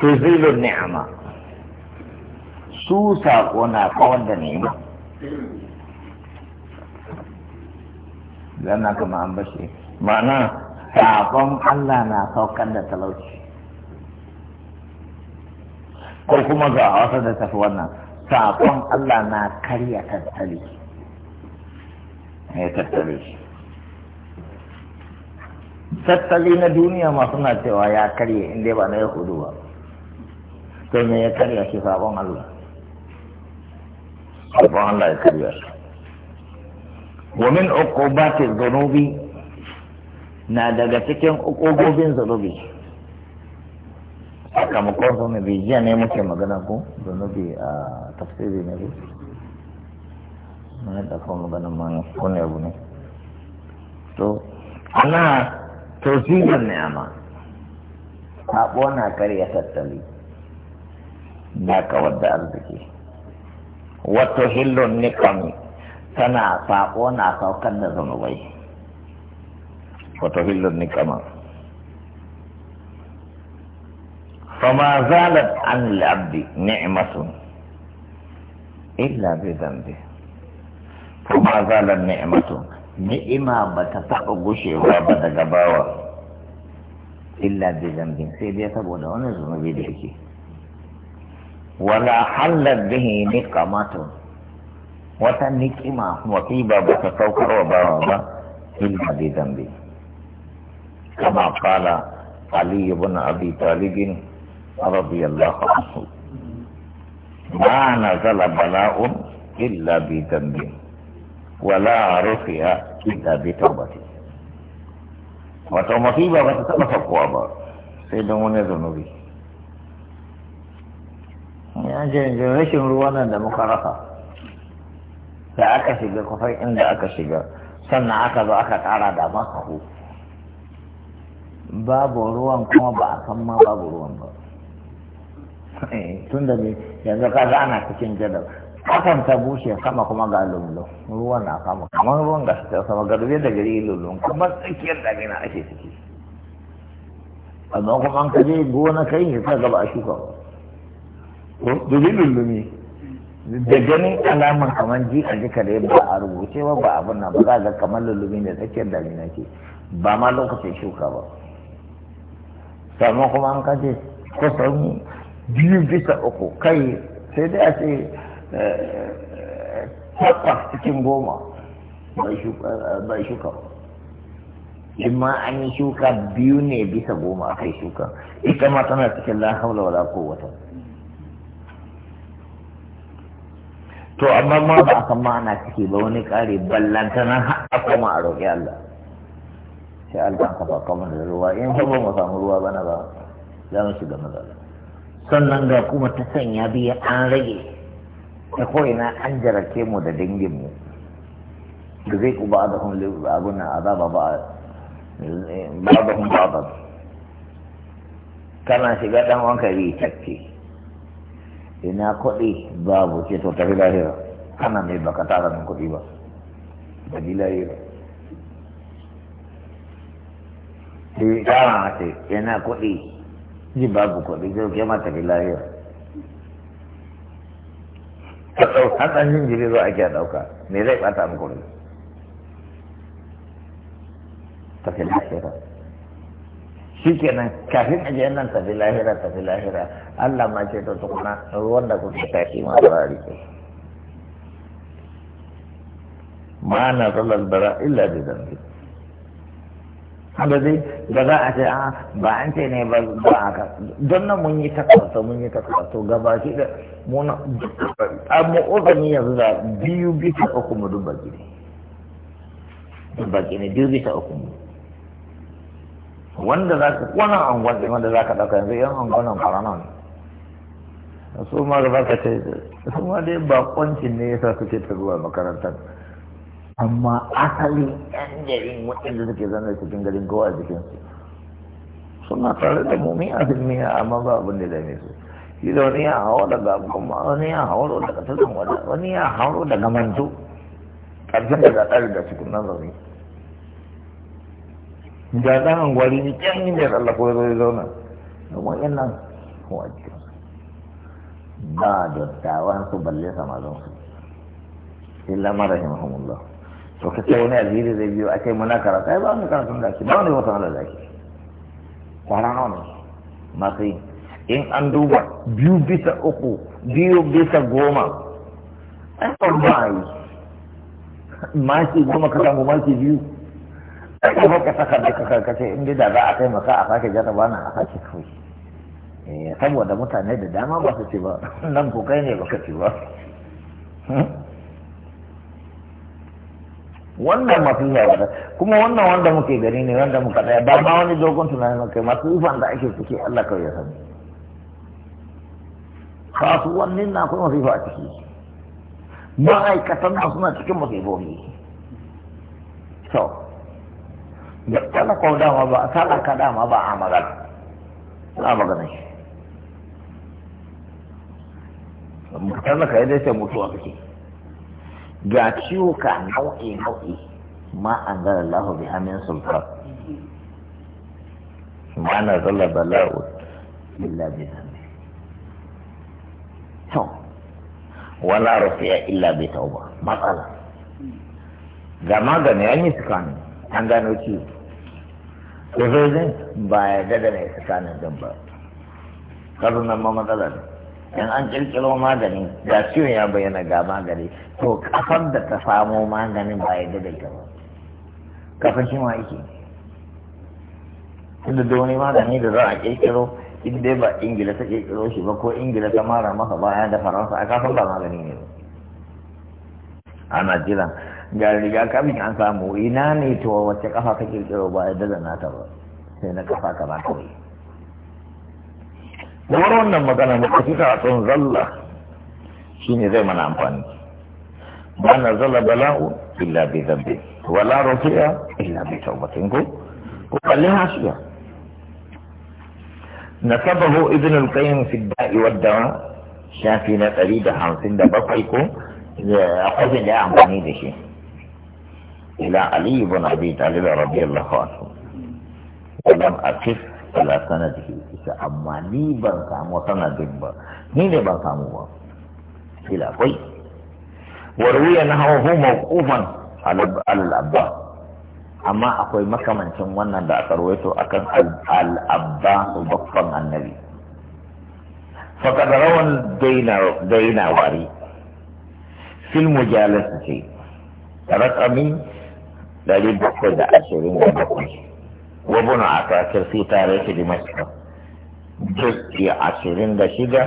tuzilun ni'ama su saƙo na kawar da ni'ima na kama an bashi ma'ana saƙon Allah na saukar da talauci ko kuma ga wasa da tafi wannan saƙon Allah na karya tattali tattali na duniya masu suna cewa ya karye in dai ba na yahudu ba to me ya karya shi sabon Allah sabon Allah ya karya shi wa min uqubati dhunubi na daga cikin uqubobin ne muke magana ko a tafsiri ne ko na da kuma magana ma ne ana to zinar ni'ama sabo na karya tattali na wadda arziki wato hillon nikami tana sabo na saukar da zanubai wato hillon nikama فما زالت عن العبد نعمة إلا بذنبه فما زالت نعمة ni'ima ba ta taɓa gushewa ba daga bawa illa bi zambin sai dai saboda wani zunubi da yake wala hallar bihi niqamatun wata niƙima musiba ba ta saukar wa bawa ba illa bi zambi kama kala ali ibn abi talib radiyallahu anhu ma nazala bala'un illa bi zambi wala rufi'a illa bi taubati wato musiba ba ta taba sakkuwa ba sai don wani zunubi ya je rashin ruwan nan da muka rasa da aka shiga kufai inda aka shiga sannan aka zo aka kara da makahu babu ruwan kuma ba a san ma babu ruwan ba eh, tun da ne yanzu kaga ana cikin jadal kasan ta bushe sama kuma ga lullu ruwan na kama kamar ruwan ga ta sama garbe da gari lullu kuma tsakiyar damina ake ciki amma kuma an kaje gona kai ne ta gaba a shuka dubi lullumi da ganin alaman kamar ji a jika da ba a rubuce ba ba abin nan ba za ga kamar lullumi da tsakiyar damina ke ba ma lokacin shuka ba sannan kuma an kaje kusan biyu bisa uku kai sai dai a ce takwas cikin goma bai shuka in ma an yi shuka biyu ne bisa goma a kai shuka ita ma tana cikin la haula wala quwwata to amma ma ba a san ma'ana ciki ba wani kare ballantana a koma a roƙi Allah sai Allah ka baka mana da ruwa in fa ba mu samu ruwa bana ba za mu shiga matsala sannan ga kuma ta sanya biya an rage ta ko'ina an jarake mu da danginmu da zai ku ba da hun abin azaba ba ba da hun ba kana shiga dan wanka yi takke ina kuɗi babu ce to tafi lahira kana mai baka tara min kuɗi ba da bi lahira sai eh, ina kuɗi ji babu kuɗi zai ke mata bi lahira ka ɗau har ɗan jinjiri zo ake ɗauka me zai ɓata muku ne tafi lahira shi kenan kafin a jiyan nan tafi lahira tafi lahira Allah ma ce ta tukuna ruwan da kuke tafi ma da rike ma'ana zalar bara illa bi zambi ba zai ba za a ce a ah, ba an ce ne ba a haka don nan mun yi kwaso mun yi takarta gaba shi da muna a mu'uzani yanzu da biyu bisa uku mu duk baki ne baki ne biyu bisa uku mu wanda za ka kwanan angon ne wanda za ka ɗauka yanzu yan angonan karana ne su ma da ka ce su ma dai bakoncin ne yasa suke ta zuwa makarantar amma asali garin waɗanda suke zanar cikin garin kowa a su suna tare da mummi a duniya amma ba abin da dame su shi da wani ya hawo daga kuma wani ya hawo daga tunan wada wani ya hawo daga manto ƙarshen da zaɗar da cikin nan zaune da zanen gwari ne can inda ya tsallako ya zoye ya zauna kuma yan nan kuma a cikin ba dattawan su balle samazan su illa mara himahumullah to ka ce wani alheri zai biyo a ce muna karatu ai ba mu karatun da ke ba wani wata halar da ke kwara nawa ne masu yi in an duba biyu bisa uku biyu bisa goma ai ba ba a yi maki goma ka samu maki biyu ai ba ka saka da ka kace in da za a kai maka a sake jarraba nan a sake kawai eh, saboda mutane da dama ba su ce ba nan ko kai ne baka ce ba hmm? wannan masu masifa wata kuma wannan wanda muke gani ne wanda muka tsaya ba ma wani dogon tunani kai ifan da ake ciki Allah kawai ya sani kasuwannin na akwai masifa a ciki ma'aikatan na suna cikin masifofi so da talakon dama ba a ka dama ba a magana na magana shi yi ya dace mutuwa kake ga ciwuka nau'i nau'i ma an gara lahu bi amin sultan ma na zala bala'u illa bi zambi to wala rufiya illa bi tauba matsala ga magani an yi tsakanin, an gano ciwo ko zai ba ya dada ne tsakanin din ba kasu nan ma matsala ne in an kirkiro magani ga ciwon ya bayyana ga magani to kafar da ta samo maganin ba ya da ita ba kafar shi ma yake inda da wani magani da za a kirkiro in dai ba ingila ta kirkiro shi ba ko ingila ta mara masa baya da faransa a kafin ba magani ne ana jiran ga kamin an samu ina ne to wacce kafa ta kirkiro ba ya da nata ba sai na kafa kama kawai da wannan magana ba ka fita a tsohon zalla shi ne zai mana amfani ba na zalla bala'u illa bi zambi wala rafi'a illa bi taubatin ko ko kalli hasiya nasabahu ibn al-qayyim fi da'i wa dawa shafi na 157 ko akwai da ya amfani da shi ila ali ibn abi talib radiyallahu anhu ولم أقف sana sanadihi ita amma ni ban samu sanadin ba ni ne ban samu ba kila kai warwiya na hawa mawqufan ala al-abba amma akwai makamancin wannan da aka rawaito akan al-abba babban annabi faqad rawan daina daina wari fil mujalasati da 727 wabuna a kakir su tare ki ashirin da shida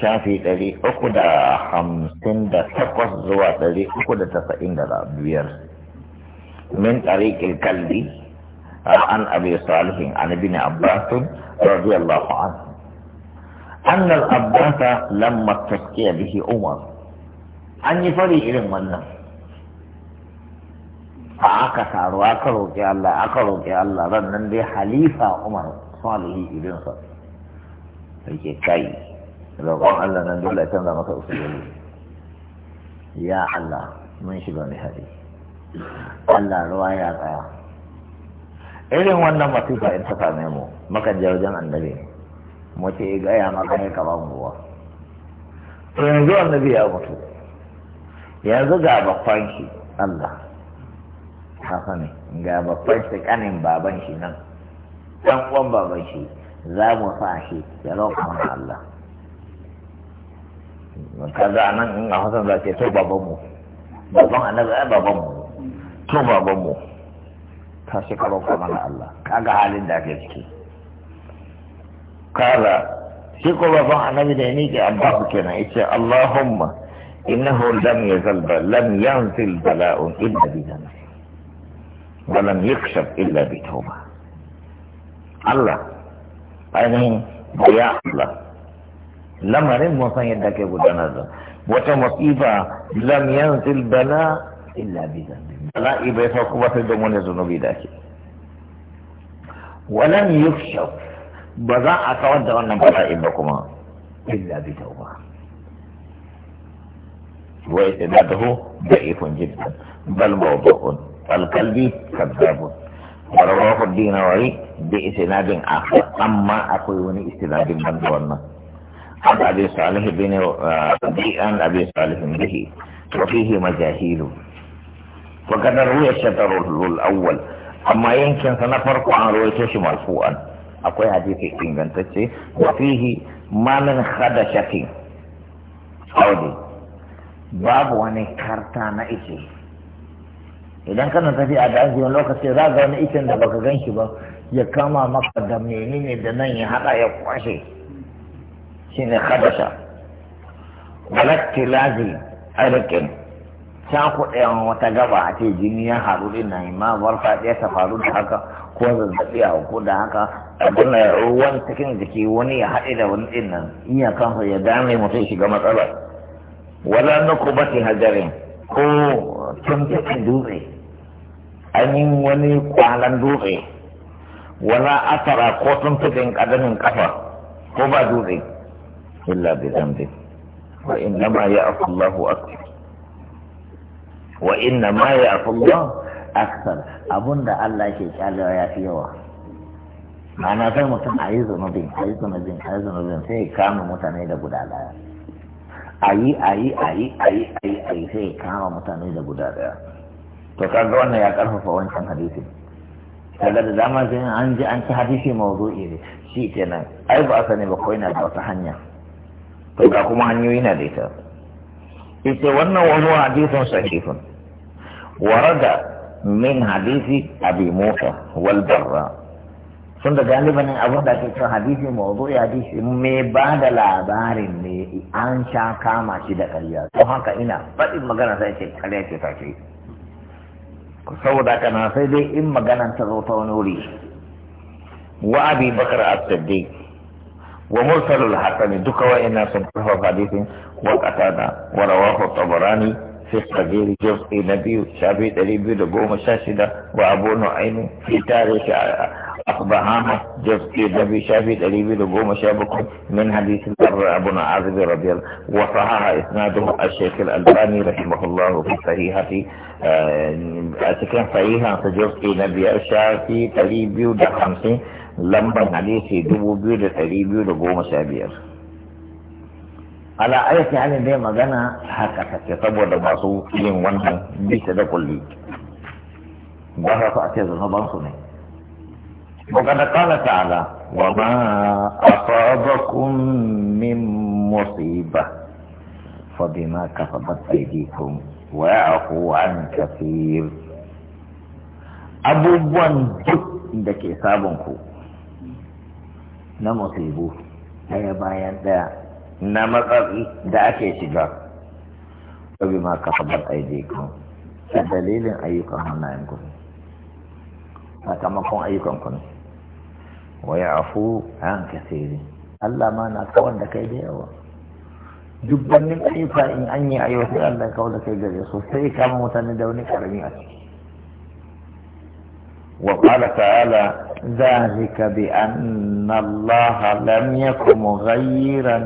shafi ɗari uku da hamsin da takwas zuwa ɗari uku da tasa'in da biyar min ɗariƙin kalbi an abi salihin an ibn أن الأباس لما تسكي به عمر أن يفري إلى الناس a aka taru aka roƙi Allah aka roƙi Allah nan dai halifa Umar salihi ibinsa yake kai roƙon Allah nan dole ya canza masa usuli ya Allah mun shiga ne hali Allah ruwa ya tsaya irin wannan masifa in ta same mu maka je wajen annabi mu ce ya maka ne ka ba mu ruwa to yanzu annabi ya mutu yanzu ga bakwanki Allah hasani ga babban tsakanin baban shi nan ɗan uwan baban shi za mu sa shi ya roƙa mana Allah kaza a nan in a hasan za ce to baban mu baban annabi ai baban mu to baban mu ta shi ka roƙa mana Allah kaga halin da ake ciki kala shi ko baban annabi da ya miƙe abbasu kenan yace Allahumma innahu lam yazal lam yanzil bala'un illa bi dhanbi ولم يكشف الا بتوبه الله عظيم ضياء الله لما رم وصايا داك ابو جنازه وتمصيبا لم ينزل بلاء الا بذنب بلاء يبقى فوقه في دومون يزنوبي داك ولم يكشف بضاعة تودع أن بلاء بكما إلا بتوبة وإذا هو ضعيف جدا بل موضوع والكلب كذاب ورواه الدين وعي بإسناد آخر أما أقوى إسناد من دونه عن أبي صالح بن عن أبي صالح به وفيه مجاهيل وقد روي الشطر الأول أما يمكن سنفرق عن روايته مرفوعا أقوى حديث إنجنتشي وفيه ما من خدشة أو دي babu wani karta na idan kana tafiya da aji lokaci za ga wani itin da baka gan shi ba ya kama maka da menene da nan ya hada ya kwashe shine hadasa walatti lazi arikin ta kuɗe wata gaba a ce jini ya haru din nan ma warfa ta faru da haka ko zazzaɓi a ko da haka abin da ruwan cikin jiki wani ya haɗe da wani ɗin nan iya ya dame mutum shiga matsala wala na kubati hajarin ko tuntuɓin dutse an yi wani kwalan dutse wala asara ko tuntuɗin ƙadamin ƙafa ko ba dutse illa bi zambi wa inna ma ya afullahu Allahu akbar wa inna ma ya afullahu Allah akbar abunda Allah ke kyalewa ya fi yawa ma'ana sai mutum a yi zunubin a yi zunubin a yi zunubin sai kama mutane da guda daya a yi a yi a yi a yi a yi sai kama mutane da guda daya to kaga wannan ya karfafa wancan hadisi kaga da dama sai an ji an ci hadisi mawdu'i ne shi kenan ai ba a sani ba ko yana da wata hanya to ga kuma hanyoyi na da ita ita wannan wani hadisin sahihun warada min hadisi abi musa wal barra sun da galibanin abin da ke cewa hadisi mawdu'i hadisi me ba da labarin ne an sha kama shi da karya to haka ina faɗin magana sai ce karya ce ta saboda kana sai dai in maganan ta zo ta wani wuri wa abi bakar as wa mursal al-hasan duka wa ina sun karfa hadisin wa qatada wa rawahu tabarani fi sagir juz'i nabiy shafi 216 wa abu nu'aym fi tarikh أصبحان جزء دبي شافي قريب لقوم شابكم من حديث البر أبو عازب رضي الله وصحح إسناده الشيخ الألباني رحمه الله في صحيحة آه، أتكلم صحيحة جزء نبي شافي قريب دا خمسين لما حديث دبو بيو قريب لقوم شابير على أي حال دي مغانا حقا تتصور لباسو إلين وانها بيس دا كل ليك بها فأتي ذنبان سنين وقد قال تعالى وما أصابكم من مصيبة فبما كسبت أيديكم ويعفو عن كثير abubuwan duk da ke sabonku na musibu daya bayan daya na matsatsi da ake shiga wabi ma ka faɗar aidekun a dalilin ayyukan hannayen ku sakamakon ayyukan ku ne ويعفو عن كثير الله ما نكون لك يديه جبا من أي فائن أني أيوه الله يقول لك يجب يصول فيك أموتا ندوني كرمي وقال تعالى ذلك بأن الله لم يكن مغيرا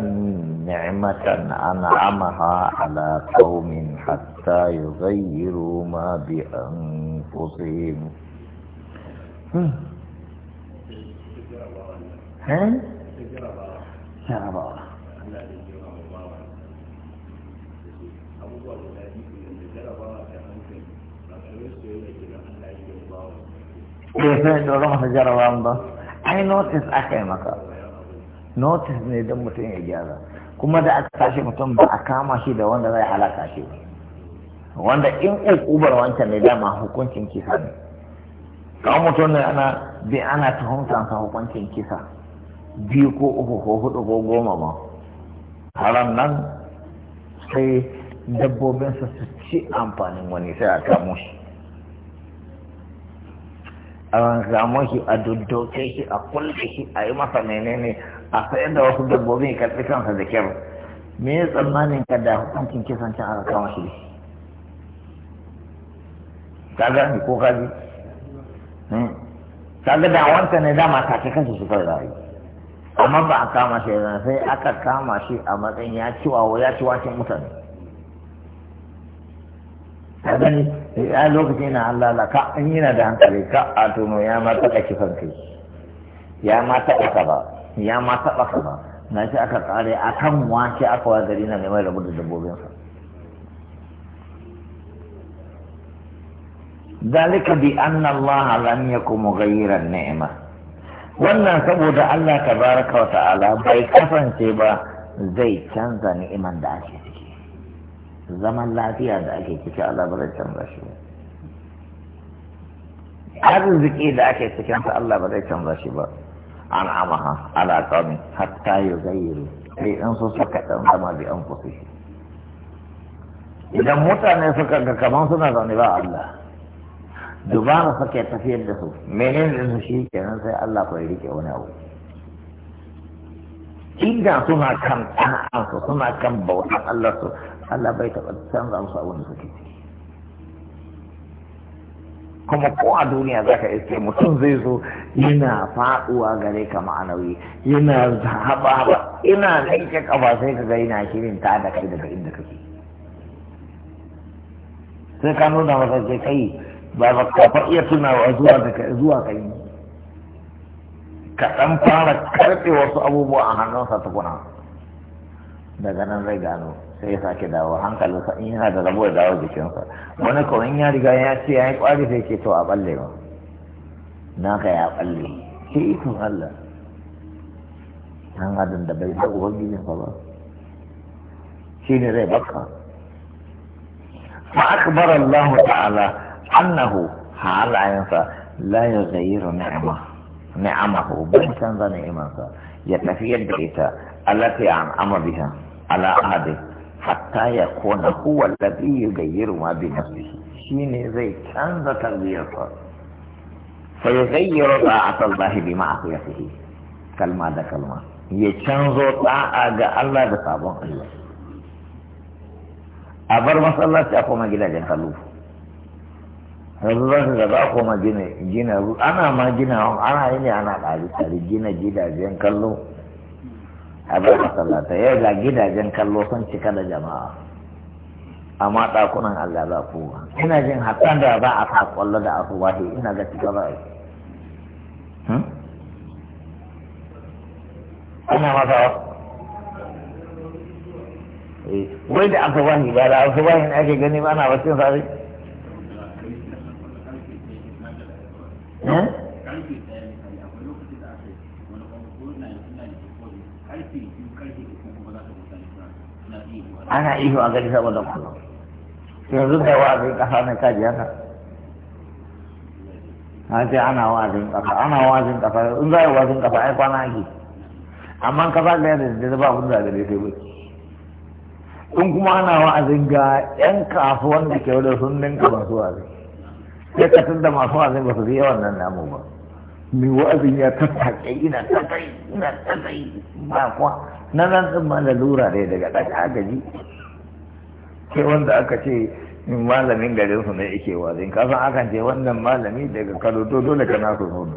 نعمة أنعمها على قوم حتى يغيروا ما بأنفسهم jarabawa bai sai doron masa jarabawan ba ai notice aka yi maka notice ne don mutum ya gyara kuma da aka tashi mutum ba a kama shi da wanda zai halaka shi wanda in ukubar wancan ne dama hukuncin kisa ne kawo mutum ne ana bi ana tuhumtansa hukuncin kisa biyu ko uku ko hudu ko goma ma haram nan sai dabbobinsa su ci amfanin wani sai a kamo shi a kamo shi a duddoke shi a kulle shi a yi masa menene a sayar da wasu dabbobin ya karɓi kansa da kyau me ya tsammanin ka da hukuncin kisan can aka kama shi ka gane ko ka ji hmm. ka ga da wanta ne dama ce kansa su kai rayu amma ba a kama shi yanzu sai aka kama shi a matsayin ya ci wawo ya ci wacin mutane a gani ya lokacin na Allah ka in yana da hankali ka a tono ya ma taɓa kifan kai ya ma taɓa ka ba ya ma taɓa ka ba na shi aka kare a kan wace aka wa gari na neman rabu da dabbobinsa bi بأن الله ya kuma مغيرا نعمه wannan saboda Allah baraka wa ta'ala bai kasance ba zai canza ni'iman da ake ciki zaman lafiya da ake ciki Allah ba zai canza shi ba arziki da ake cikin ta Allah ba zai canza shi ba an amaha ala qawmi hatta yughayyiru sai in so suka dan zama bi an kusa idan mutane suka ga kaman suna zaune ba Allah dubara suke tafiyar da su menene su shi kenan sai Allah ko ya rike wani abu inda suna kan ta'ansu suna kan bautan Allah su Allah bai taɓa canza musu abin da suke kuma ko a duniya za ka iske mutum zai zo yana faɗuwa gare ka ma'anawi yana zaba ina naike kafa sai ka ga yana shirin ta da kai daga inda kake sai ka nuna masa kai ba ba ka fa iya tunawa zuwa daga zuwa kai ka dan fara karɓe wasu abubuwa a hannunsa tukuna daga nan zai gano sai ya sake dawo hankalinsa in yana da rabuwa dawo jikinsa wani kawai in ya riga ya ce ya yi kwari sai ke to a balle ba na ka ya balle ke ikon Allah an adam da bai san ubangijinsa ba shi ne zai baka fa akbar Allah ta'ala أنه حال عينك لا يغير نعمه نعمه بل كان ذا نعمك يتفي البيت التي أنعم بها على هذه حتى يكون هو الذي يغير ما بنفسه شيني زي كان ذا تغييرك فيغير طاعة الله بمعصيته كلمة ذا كلمة يتشنزو طاعة الله بصابون الله أبر مسألة تأخو مجلة جنة لوفو yanzu za ka ko ma gina gina ana ma gina ana yi ne ana ɗari tare gina gidajen kallo a bai masallata yau ga gidajen kallo sun cika da jama'a amma ɗakunan Allah ba kowa ina jin hatsan da ba a sa kwallo da asuwa wahi ina ga cika ba ina hmm? masa eh, wai da wahi ba da ne ake gani ba na wasu sarari Eh? ana ihu a gari saboda kuma yanzu kai wa'azin ƙasa na kaji haka a ce ana wa'azin kasa ana wa'azin kasa in za a yi wa'azin kasa ai kwana ake amma ka ba da yadda da ba abin da gare sai bai in kuma ana wa'azin ga 'yan kasuwan da ke wadda sun ninka ba masu wa'azin sai ka da masu wazin ba su yi wannan namu ba mai wa'azin ya tattake ina tattai ina tattai ba kuwa na nan sun ma lura ne daga ɗaga agaji sai wanda aka ce malamin garin su ne yake wazin kasan akan ce wannan malami daga kano dole ka nasu nono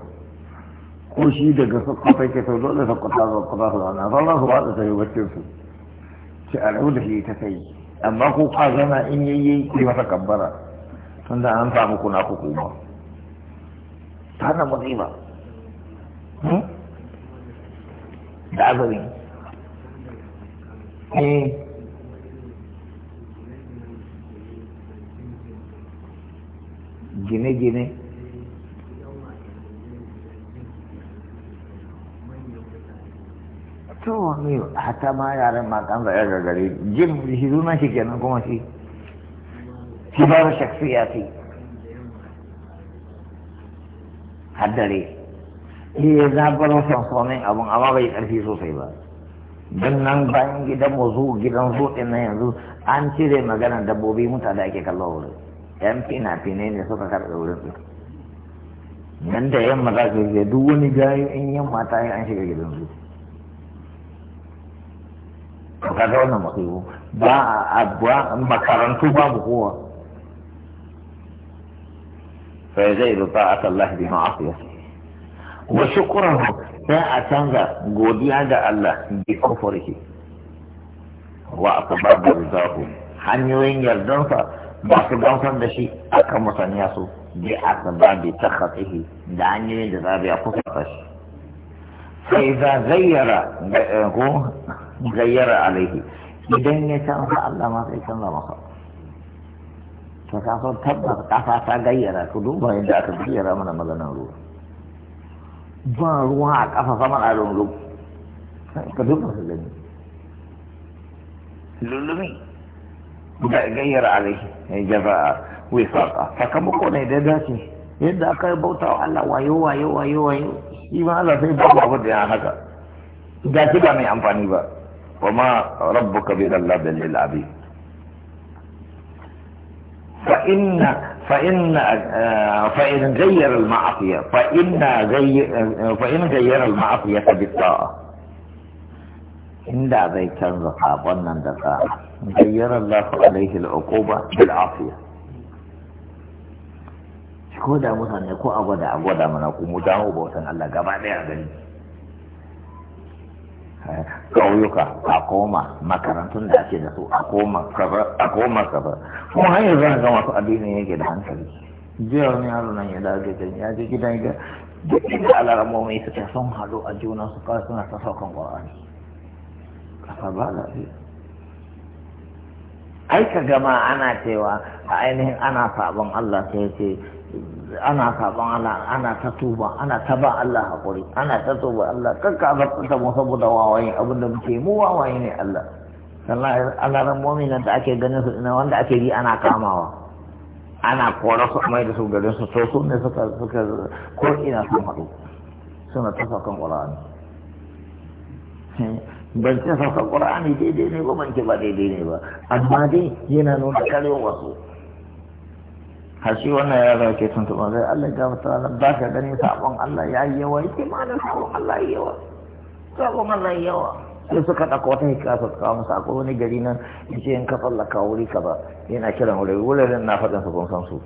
ko shi daga Sakkwata ke to dole Sakkwata sokoto su zauna sauran ba su sai baccin su ce a da shi ta sai amma ko kwa zana in yayi yi masa kabbara tunda an samu kuna hukuma ta hana musiba hmm? da azumin eh gine-gine to ne hata ma yaren makan zaya gagare jin shi zuna shi kenan kuma shi kibar shakhsiyati haddare shi ya zabar sansonin abun amma bai ƙarfi sosai ba don nan bayan gidan mu gidan zu din yanzu an cire maganar dabbobi mutane ake kallon wurin yan fina-finai ne suka karɓe wurin su nan da yamma za su yi duk wani gari in yamma ta yi an shiga gidan zu kaga wannan musibu ba a makarantu mu kowa فيزيد طاعة الله بمعصية وشكره ساعة تنظر قولي عند الله بكفره وأطباب رزاقه حن يوين يردنفا بعض دنفا دشي أكا متنياسو دي أطباب تخطه دعني يوين جذاب يقفتش فإذا غير غير عليه إذن يتنفى الله ما فيك الله مصر to ka san tabbas kafa ta gayyara ku duba yadda aka gayyara mana maganar ruwa ba ruwa a kafa sama a ruwa ka duba su gani lullumi da gayyara rai ya a wifaqa sakamako ne da dace yadda aka yi bauta wa Allah wayo wayo wayo wayo shi ma Allah sai ba ba da haka ga shi ba mai amfani ba wa ma rabbuka bi dhallabin abid فإن فإن آه، فإن غير المعصية فإن غير فإن غير المعصية بالطاعة إن لا زي كان ظن غير الله عليه العقوبة بالعافية شكو دا مثلا ko أبدا أبدا من gwada mana ko mu dawo bautan Eh, ƙauyuka a koma makarantun da ake da su a koma kaza a koma kaza kuma hanyar zan ga masu addinin yake da hankali jiya wani yaro nan ya dawo gidan ya je gidan ya duk inda alaramomi suke sun haɗu a juna su kawai suna ta saukan ƙwarani kafa ba lafiya ai ka gama ana cewa a ainihin ana sabon Allah sai ce ana saban Allah ana ta tuba ana ta ba Allah hakuri ana ta tuba Allah kakka bar ta mu saboda wawaye abin da muke mu wawaye ne Allah sannan ran mu'minan da ake ganin su ina wanda ake yi ana kamawa ana kora su mai da su garin su to su ne suka suka ko ina sun haɗu suna ta saukan Qur'ani ban ce saukan Qur'ani daidai ne ba ban ce ba daidai ne ba amma dai yana nuna karewa wasu hashi wannan ya za ke ba zai Allah ya mutu Allah ba ka gani sabon Allah ya yi yawa yake ma da sabon Allah ya yawa sabon Allah ya yawa sai suka ɗauka wata hikaya su kawo musu akwai wani gari nan yace in ka ka wuri ka ba yana kiran wuri wuraren na faɗin su kun san su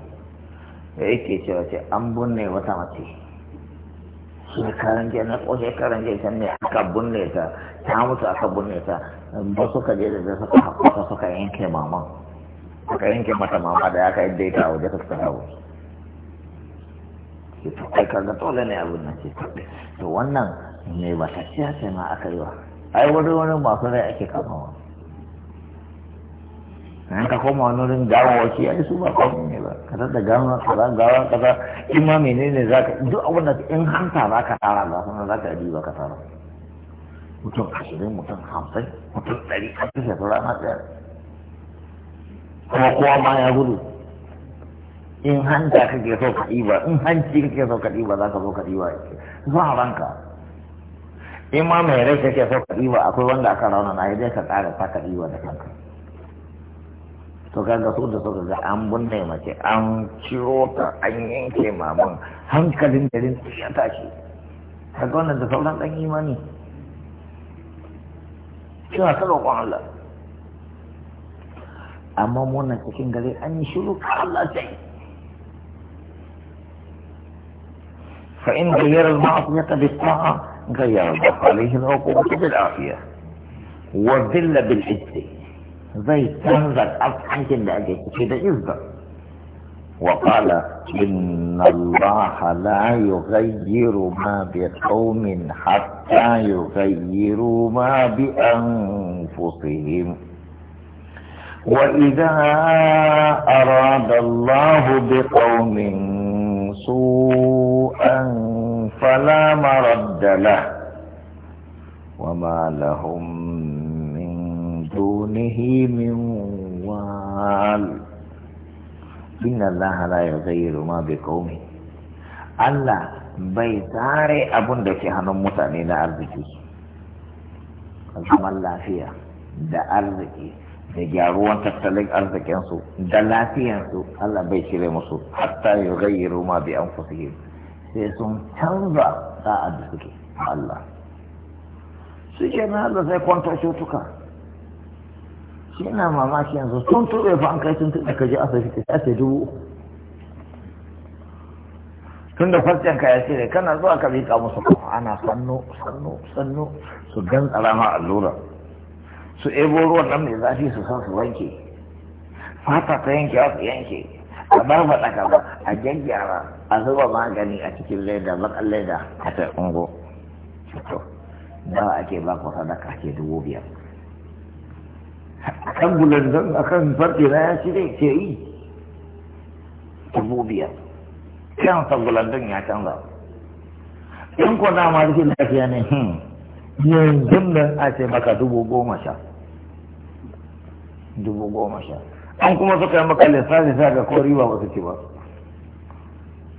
da yake cewa ce an binne wata mace shekaran jiya na ko shekaran jiya can ne aka binne ta ta mutu aka binne ta ba suka je da suka haƙƙa suka yanke maman aka yanke mata mama da ya kai daita a waje ta suka dawo ce to ai kaga dole ne abin nan ce to wannan mai ba ciya ce ma aka yi wa ai wani wani masu rai ake kamawa in ka koma wani wurin gawon waki ai su ba kawai ne ba ka da gawa kaza gawa kaza in ma ne za ka duk abin da in hanta za ka tara ba sannan za ka ba ka tara mutum ashirin mutum hamsin mutum ɗari a cikin rana ɗaya kuma kowa ma ya gudu in hanta kake so ka ɗiba in hanci kake so ka ɗiba za ka zo ka ɗiba zuwa ranka in ma mai rai kake so ka ɗiba akwai wanda aka rauna na zai ka tsara ta ka ɗiba da kanka to kaga su da suka ga an bunne mace an ciro ta an yanke maman hankalin da rin ya tashi kaga wannan da sauran ɗan imani cewa ta roƙon Allah amma wannan cikin gari an yi shiru ka Allah sai fa in gayyar al-ma'siyata bi ta'a gayyar al-alayhi al-uqubatu bil afiyah wa dhilla bil izz zai canza al'akin da ake ciki da izza وقال إن الله لا يغير ما بقوم حتى يغيروا ما بأنفسهم وإذا أراد الله بقوم سوءا فلا مرد له وما لهم من دونه من وال إن الله لا يغير ما بقوم الله bai tsare abun da ke hannun mutane na arziki zaman lafiya da arziki da gyaruwan tattalin arzikinsu da lafiyansu Allah bai cire musu hatta ya gayyaru ma bi an sai sun canza sa'ad da suke Allah su ke na Allah sai kwanta cutuka shi na mamaki yanzu sun tuɓe fa an kai sun tuɓe ka je asibiti sai sai dubu tun da farcen ka ya cire kana zuwa ka miƙa musu ana sannu sannu sannu su gantsara ma allura su ebo ruwan nan mai zafi su san su wanke fata ta yanke su yanke a ba faɗa kaza a gyaggyara a zuba magani a cikin leda bakan leda a ta ungo nawa ake ba ku sadaka ke dubu biyar a kan zan a kan farɗe na ya cire ke yi dubu biyar can sa bulandan ya canza in ko da rikin lafiya ne hmm, yanzu nan a ce maka dubu goma sha dubu goma sha an kuma suka yi maka lissafi sa ga kori ba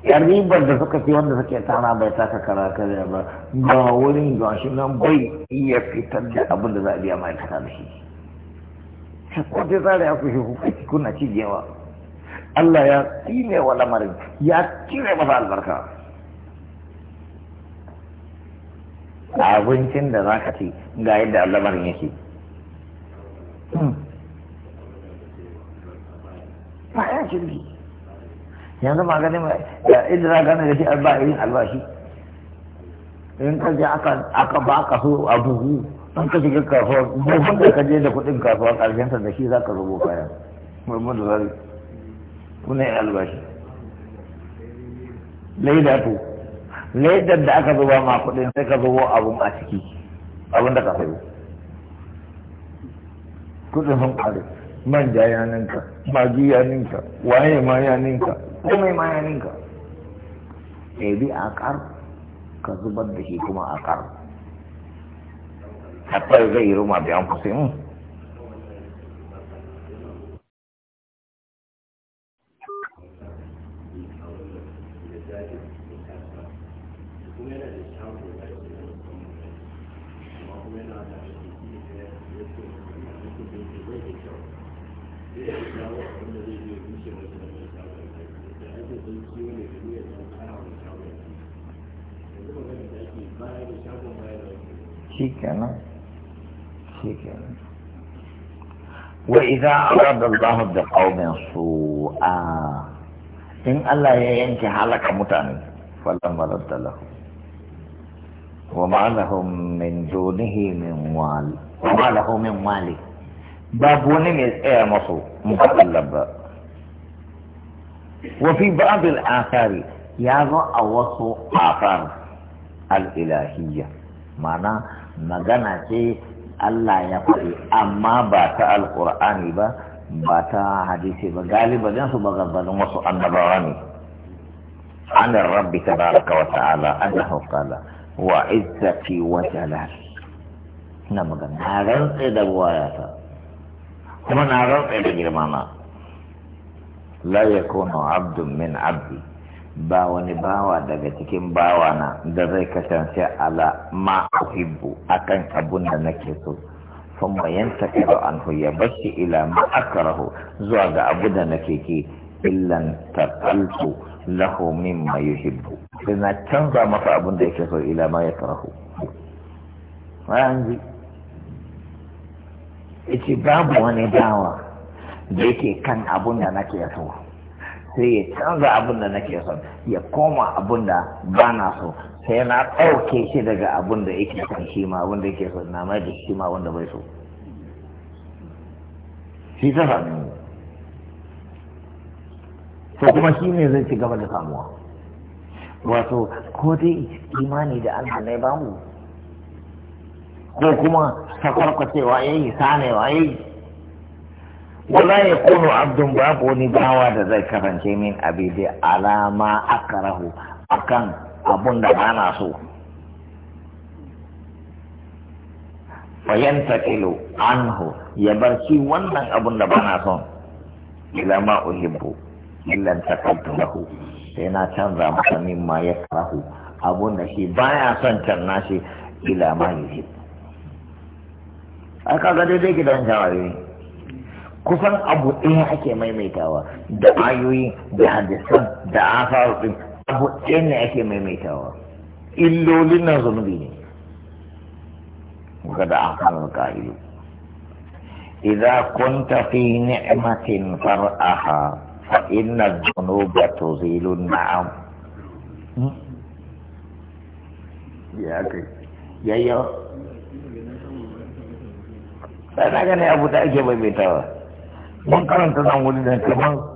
Yar'ibar ci ba yar ribar da suka ci wanda suke tana bai taka kara kare ba ba wurin gashi nan bai iya fitar da abin da za a biya ma'aikata da shi ko dai tsara ya kushe hukunci kuna ci jewa Allah ya tsine wa lamarin ya cire masa albarka abincin da za ka ci ga yadda lamarin yake hmm. kirki yanzu magani mai idra gane da shi ba albashi in ka je aka ba ka so a buhu an ka shiga kasuwa buhun da ka je da kudin kasuwa ƙarshenta da shi za ka rubo kaya murmur da zari kuna yi albashi laida to laida da aka zuba ma kudin sai ka zubo abun a ciki abun da ka sayo kudin sun kare manja ya ninka magi ya ninka waye ma ya ninka komai ma ya ninka ɗabi a ƙar ka zubar da shi kuma a ƙar hatta zai yi ruma biyan kusa كان في كان واذا اراد الله بقوم سوءا ان الله ينكي حالك متعن فلما رد له وما لهم من دونه من وال وما لهم من مال بابوني من ايه مصو مخلب وفي بعض الاثار يا رأى وصو اثار الالهيه معناه magana ce Allah ya faɗi amma ba ta alƙur'ani ba ba ta hadisi ba galiban su ba maganganun wasu annabawa ne ta'ala an da haukala wa izzati wa jalal na magana na rantse da buwayata kuma na rantse da girmana la yakunu abdun min abdi ba wani bawa daga cikin bawa na da zai kasance ala ma uhibbu akan abun da nake so sun bayan takiru an ya bashi ila ma akarahu zuwa ga abu da nake ki illan taqaltu lahu mimma yuhibbu sai na canza masa abun da yake so ila ma yakrahu bayan ji yace babu wani bawa da yake kan abun da nake so sai ya canza abin da nake son ya koma abin da ba na so sai na ɗauke shi daga abin da yake son shi ma abin da yake son na mai da shi ma wanda bai so shi ta sami mu to kuma shi ne zai ci gaba da samuwa wato ko dai imani da Allah ne ba mu ko kuma sakwarkwacewa ya yi sanewa ya yi wala ya kunu abdun babu wani bawa da zai karance min da alama akarahu akan abun da ba na so fayantakilu anhu ya barci wannan abun da ba na son ila ma uhibbu illa takaltu lahu sai na canza masa ma ya karahu abun da shi baya son can nashi ila ma yuhibbu aka ga daidai gidan jawari kusan abu ɗaya ake maimaitawa da ayoyi da hadisan da asaru ɗin abu ɗaya ne ake maimaitawa illolin nan zunubi ne ga da asarar ka'ilu idza kunta fi ni'matin far'aha fa inna dhunuba tuzilu na'am hmm? ya kai yayyo sai na gane abu da ake maimaitawa mun karanta nan wani da kamar